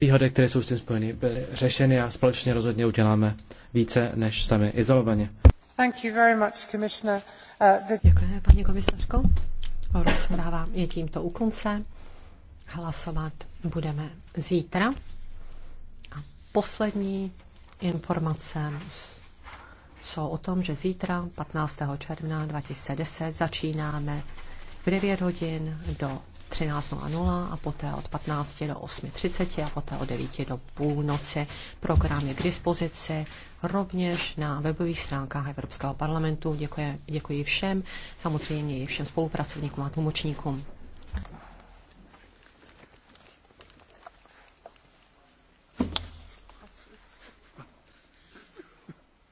výhody, které jsou s tím spojeny, byly řešeny a společně rozhodně uděláme více než sami izolovaně. Thank you very much, Commissioner. Uh, the... Děkujeme, paní komisařko. Rozprava je tímto u konce. Hlasovat budeme zítra. A poslední informace jsou o tom, že zítra, 15. června 2010, začínáme v 9 hodin do 13.00 a poté od 15 do 8.30 a poté od 9 do půlnoci. Program je k dispozici rovněž na webových stránkách Evropského parlamentu. Děkuji, děkuji všem, samozřejmě i všem spolupracovníkům a tlumočníkům.